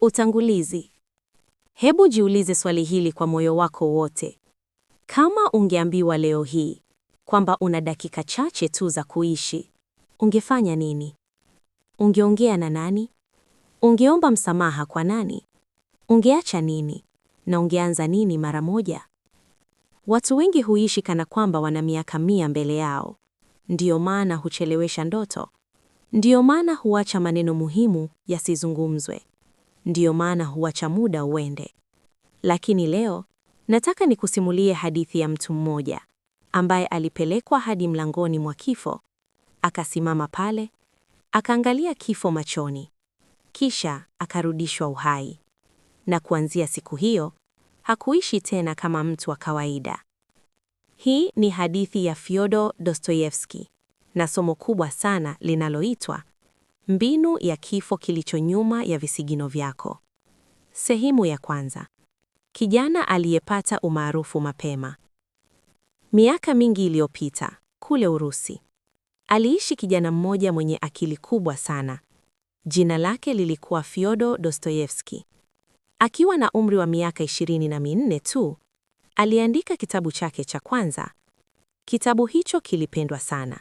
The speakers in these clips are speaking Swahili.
Utangulizi. Hebu jiulize swali hili kwa moyo wako wote. Kama ungeambiwa leo hii kwamba una dakika chache tu za kuishi, ungefanya nini? Ungeongea na nani? Ungeomba msamaha kwa nani? Ungeacha nini? Na ungeanza nini mara moja? Watu wengi huishi kana kwamba wana miaka mia mbele yao. Ndiyo maana huchelewesha ndoto. Ndiyo maana huacha maneno muhimu yasizungumzwe ndiyo maana huacha muda uende. Lakini leo nataka nikusimulie hadithi ya mtu mmoja ambaye alipelekwa hadi mlangoni mwa kifo, akasimama pale, akaangalia kifo machoni, kisha akarudishwa uhai. Na kuanzia siku hiyo hakuishi tena kama mtu wa kawaida. Hii ni hadithi ya Fyodor Dostoyevsky na somo kubwa sana linaloitwa Mbinu ya kifo kilicho nyuma ya visigino vyako. Sehemu ya kwanza. Kijana aliyepata umaarufu mapema. Miaka mingi iliyopita, kule Urusi, aliishi kijana mmoja mwenye akili kubwa sana. Jina lake lilikuwa Fyodor Dostoyevsky. Akiwa na umri wa miaka 24 tu, aliandika kitabu chake cha kwanza. Kitabu hicho kilipendwa sana.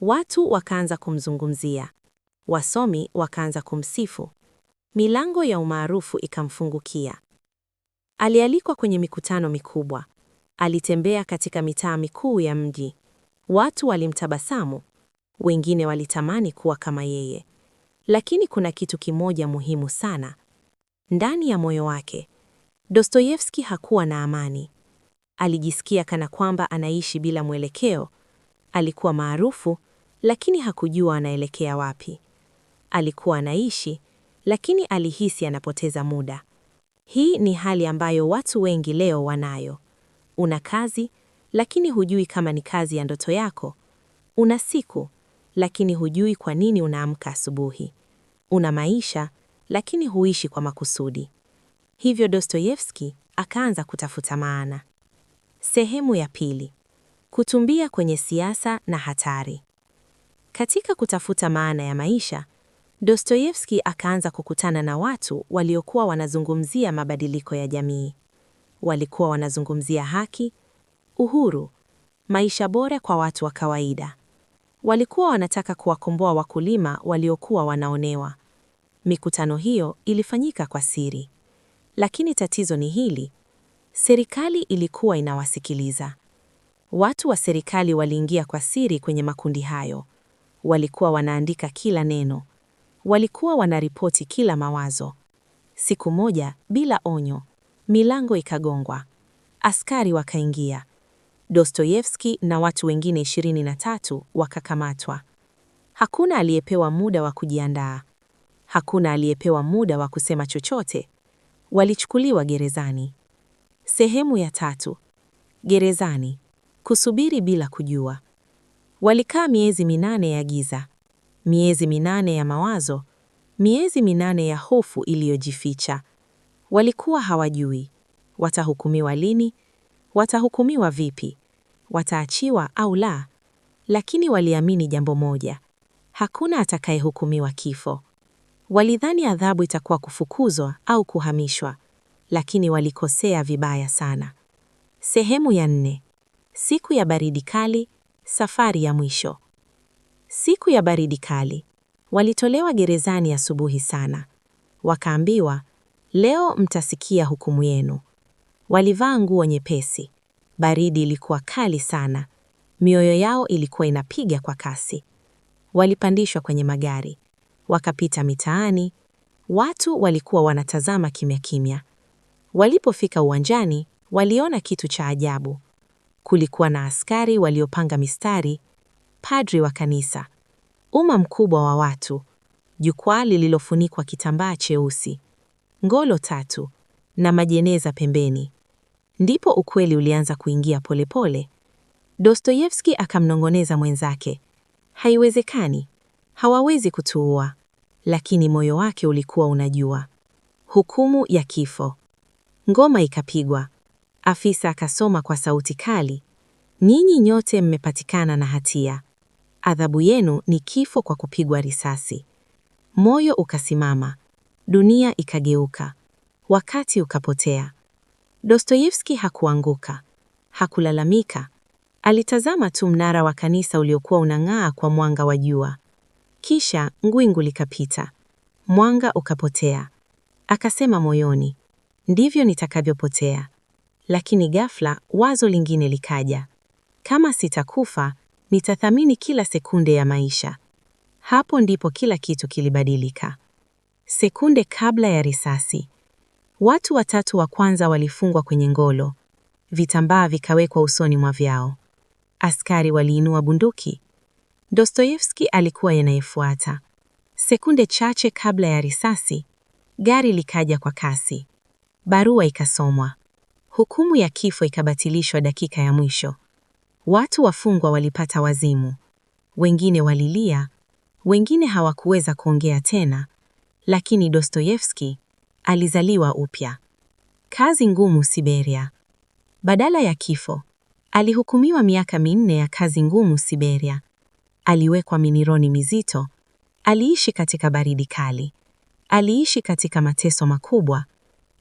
Watu wakaanza kumzungumzia Wasomi wakaanza kumsifu, milango ya umaarufu ikamfungukia. Alialikwa kwenye mikutano mikubwa, alitembea katika mitaa mikuu ya mji. Watu walimtabasamu, wengine walitamani kuwa kama yeye. Lakini kuna kitu kimoja muhimu sana ndani ya moyo wake. Dostoyevsky hakuwa na amani. Alijisikia kana kwamba anaishi bila mwelekeo. Alikuwa maarufu, lakini hakujua anaelekea wapi alikuwa anaishi, lakini alihisi anapoteza muda. Hii ni hali ambayo watu wengi leo wanayo. Una kazi lakini hujui kama ni kazi ya ndoto yako. Una siku lakini hujui kwa nini unaamka asubuhi. Una maisha lakini huishi kwa makusudi. Hivyo Dostoyevsky akaanza kutafuta maana. Sehemu ya pili: kutumbia kwenye siasa na hatari. Katika kutafuta maana ya maisha, Dostoyevsky akaanza kukutana na watu waliokuwa wanazungumzia mabadiliko ya jamii. Walikuwa wanazungumzia haki, uhuru, maisha bora kwa watu wa kawaida. Walikuwa wanataka kuwakomboa wakulima waliokuwa wanaonewa. Mikutano hiyo ilifanyika kwa siri. Lakini tatizo ni hili, serikali ilikuwa inawasikiliza. Watu wa serikali waliingia kwa siri kwenye makundi hayo. Walikuwa wanaandika kila neno. Walikuwa wanaripoti kila mawazo. Siku moja, bila onyo, milango ikagongwa. Askari wakaingia. Dostoyevski na watu wengine 23 wakakamatwa. Hakuna aliyepewa muda wa kujiandaa. Hakuna aliyepewa muda wa kusema chochote. Walichukuliwa gerezani. Sehemu ya tatu. Gerezani. Kusubiri bila kujua. Walikaa miezi minane ya giza miezi minane ya mawazo, miezi minane ya hofu iliyojificha. Walikuwa hawajui watahukumiwa lini, watahukumiwa vipi, wataachiwa au la, lakini waliamini jambo moja: hakuna atakayehukumiwa kifo. Walidhani adhabu itakuwa kufukuzwa au kuhamishwa, lakini walikosea vibaya sana. Sehemu ya nne: siku ya baridi kali, safari ya mwisho. Siku ya baridi kali, walitolewa gerezani asubuhi sana. Wakaambiwa, leo mtasikia hukumu yenu. Walivaa nguo nyepesi. Baridi ilikuwa kali sana. Mioyo yao ilikuwa inapiga kwa kasi. Walipandishwa kwenye magari, wakapita mitaani. Watu walikuwa wanatazama kimya kimya. Walipofika uwanjani, waliona kitu cha ajabu. Kulikuwa na askari waliopanga mistari padri wa kanisa, umma mkubwa wa watu, jukwaa lililofunikwa kitambaa cheusi, ngolo tatu na majeneza pembeni. Ndipo ukweli ulianza kuingia polepole. dostoyevski akamnongoneza mwenzake, haiwezekani, hawawezi kutuua, lakini moyo wake ulikuwa unajua. Hukumu ya kifo. Ngoma ikapigwa. Afisa akasoma kwa sauti kali, nyinyi nyote mmepatikana na hatia, adhabu yenu ni kifo kwa kupigwa risasi. Moyo ukasimama, dunia ikageuka, wakati ukapotea. dostoyevski hakuanguka, hakulalamika. Alitazama tu mnara wa kanisa uliokuwa unang'aa kwa mwanga wa jua. Kisha ngwingu likapita, mwanga ukapotea. Akasema moyoni, ndivyo nitakavyopotea. Lakini ghafla wazo lingine likaja, kama sitakufa nitathamini kila sekunde ya maisha. Hapo ndipo kila kitu kilibadilika. Sekunde kabla ya risasi, watu watatu wa kwanza walifungwa kwenye ngolo, vitambaa vikawekwa usoni mwa vyao, askari waliinua bunduki. dostoyevski alikuwa yanayefuata. Sekunde chache kabla ya risasi, gari likaja kwa kasi, barua ikasomwa, hukumu ya kifo ikabatilishwa dakika ya mwisho. Watu wafungwa walipata wazimu, wengine walilia, wengine hawakuweza kuongea tena, lakini Dostoyevsky alizaliwa upya. Kazi ngumu Siberia. Badala ya kifo, alihukumiwa miaka minne ya kazi ngumu Siberia. Aliwekwa minironi mizito, aliishi katika baridi kali, aliishi katika mateso makubwa,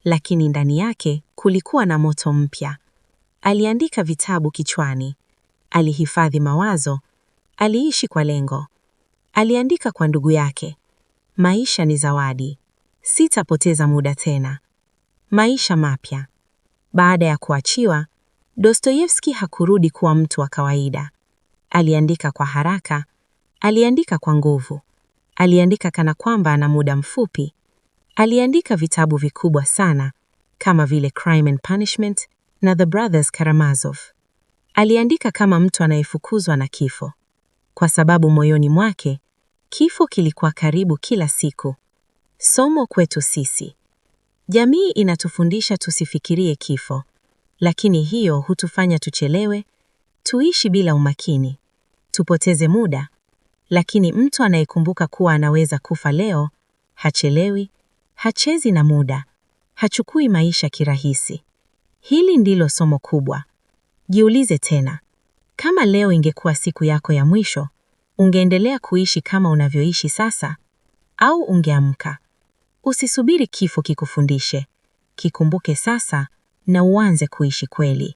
lakini ndani yake kulikuwa na moto mpya. Aliandika vitabu kichwani, alihifadhi mawazo, aliishi kwa lengo. Aliandika kwa ndugu yake, maisha ni zawadi, sitapoteza muda tena. Maisha mapya. Baada ya kuachiwa, Dostoyevsky hakurudi kuwa mtu wa kawaida. Aliandika kwa haraka, aliandika kwa nguvu, aliandika kana kwamba ana muda mfupi. Aliandika vitabu vikubwa sana kama vile Crime and Punishment na The Brothers Karamazov. Aliandika kama mtu anayefukuzwa na kifo, kwa sababu moyoni mwake kifo kilikuwa karibu kila siku. Somo kwetu sisi: jamii inatufundisha tusifikirie kifo, lakini hiyo hutufanya tuchelewe, tuishi bila umakini, tupoteze muda. Lakini mtu anayekumbuka kuwa anaweza kufa leo hachelewi, hachezi na muda, hachukui maisha kirahisi. Hili ndilo somo kubwa. Jiulize tena, kama leo ingekuwa siku yako ya mwisho, ungeendelea kuishi kama unavyoishi sasa au ungeamka? Usisubiri kifo kikufundishe, kikumbuke sasa na uanze kuishi kweli.